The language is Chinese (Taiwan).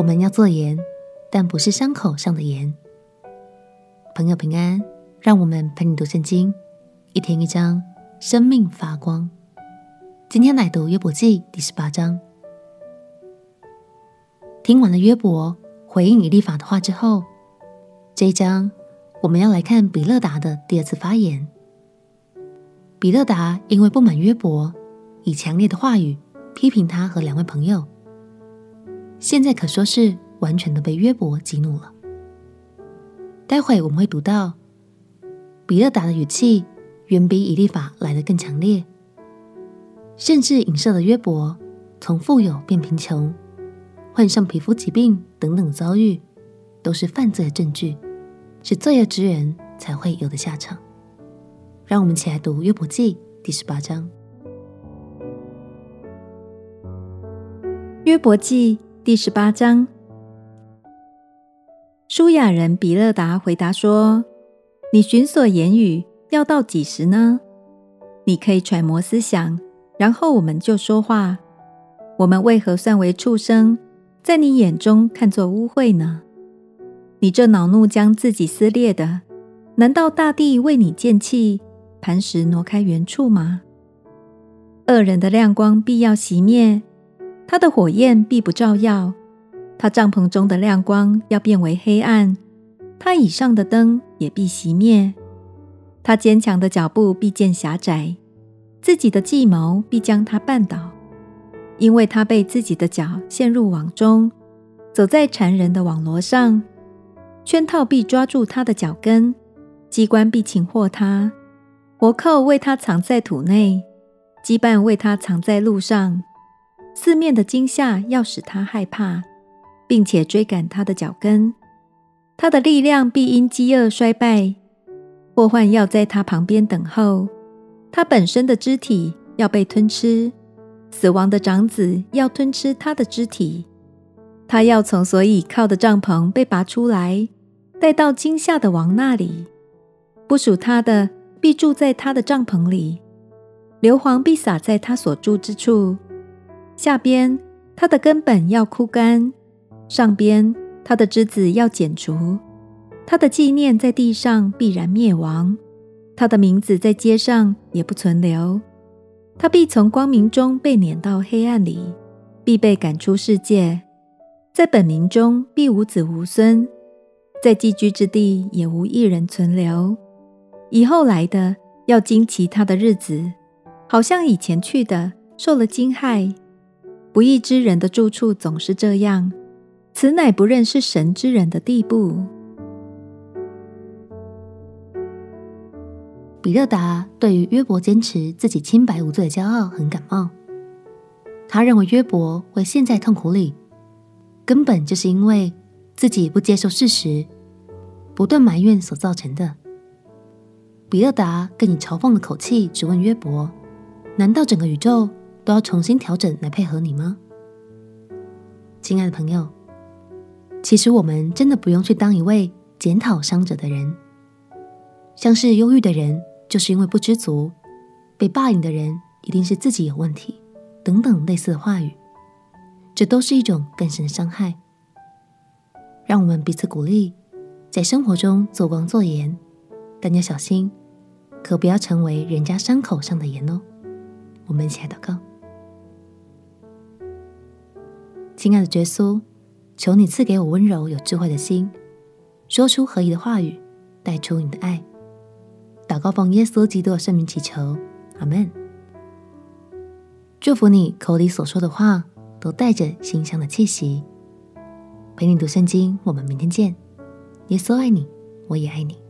我們要作鹽，但不是傷口上的鹽。朋友平安，讓我們陪你讀聖經，一天一章，生命發光。今天來讀約伯記第十八章。聽完了約伯回應以利法的話之後，這一章我們要來看比勒達的第二次發言。比勒達因為不滿約伯，以強烈的話語批評他和兩位朋友。現在可說是完全的被約伯激怒了。待會我們會讀到，比勒達的語氣遠比以利法來得更強烈，甚至影射了約伯從富有變貧窮、患上皮膚疾病等等遭遇，都是犯罪的證據，是罪惡之人才會有的下場。讓我們起來讀《約伯記》第十八章，《約伯記》。第十八章，書亞人比勒達回答說：“你尋索言語要到幾時呢？你可以揣摩思想，然後我們就說話。我們為何算為畜生，在你眼中看作污穢呢？你這惱怒將自己撕裂的，難道大地為你見棄，磐石挪開原處嗎？惡人的亮光必要熄滅。”他的火焰必不照耀，他帳篷中的亮光要變為黑暗，他以上的燈也必熄滅，他堅強的腳步必見狹窄，自己的計謀必將他絆倒，因為他被自己的腳陷入網中，走在纏人的網羅上，圈套必抓住他的腳跟，機關必擒獲他，活扣為他藏在土內，羈絆為他藏在路上。四面的驚嚇要使他害怕，並且追趕他的腳跟。他的力量必因飢餓衰敗，禍患要在他旁邊等候。他本身的肢體要被吞吃，死亡的長子要吞吃他的肢體。他要從所倚靠的帳篷被拔出來，帶到驚嚇的王那裡。不屬他的必住在他的帳篷裡，硫磺必撒在他所住之處。下邊他的根本要枯乾，上邊他的枝子要剪除，他的紀念在地上必然滅亡，他的名字在街上也不存留，他必從光明中被攆到黑暗裡，必被趕出世界，在本民中必無子無孫，在寄居之地也無一人存留，以後來的要驚奇他的日子，好像以前去的受了驚駭。不義之人的住處總是這樣，此乃不認識神之人的地步。比勒達對於約伯堅持自己清白無罪的驕傲很感冒，他認為約伯會陷在痛苦裡，根本就是因為自己不接受事實，不斷埋怨所造成的。比勒達更以嘲諷的口氣，質問約伯：難道整個宇宙都要重新調整來配合你嗎，親愛的朋友？其實我們真的不用去當一位檢討傷者的人。像是憂鬱的人，就是因為不知足；被霸凌的人，一定是自己有問題。等等類似的話語，這都是一種更深的傷害。讓我們彼此鼓勵，在生活中做光做鹽，但要小心，可不要成為人家傷口上的鹽哦。我們一起來禱告。親愛的耶穌，求你賜給我溫柔有智慧的心，說出合宜的話語，帶出你的愛。禱告奉耶穌基督的聖名祈求，阿門。祝福你口裡所說的話都帶着馨香的氣息。陪你讀聖經，我們明天見。耶穌愛你，我也愛你。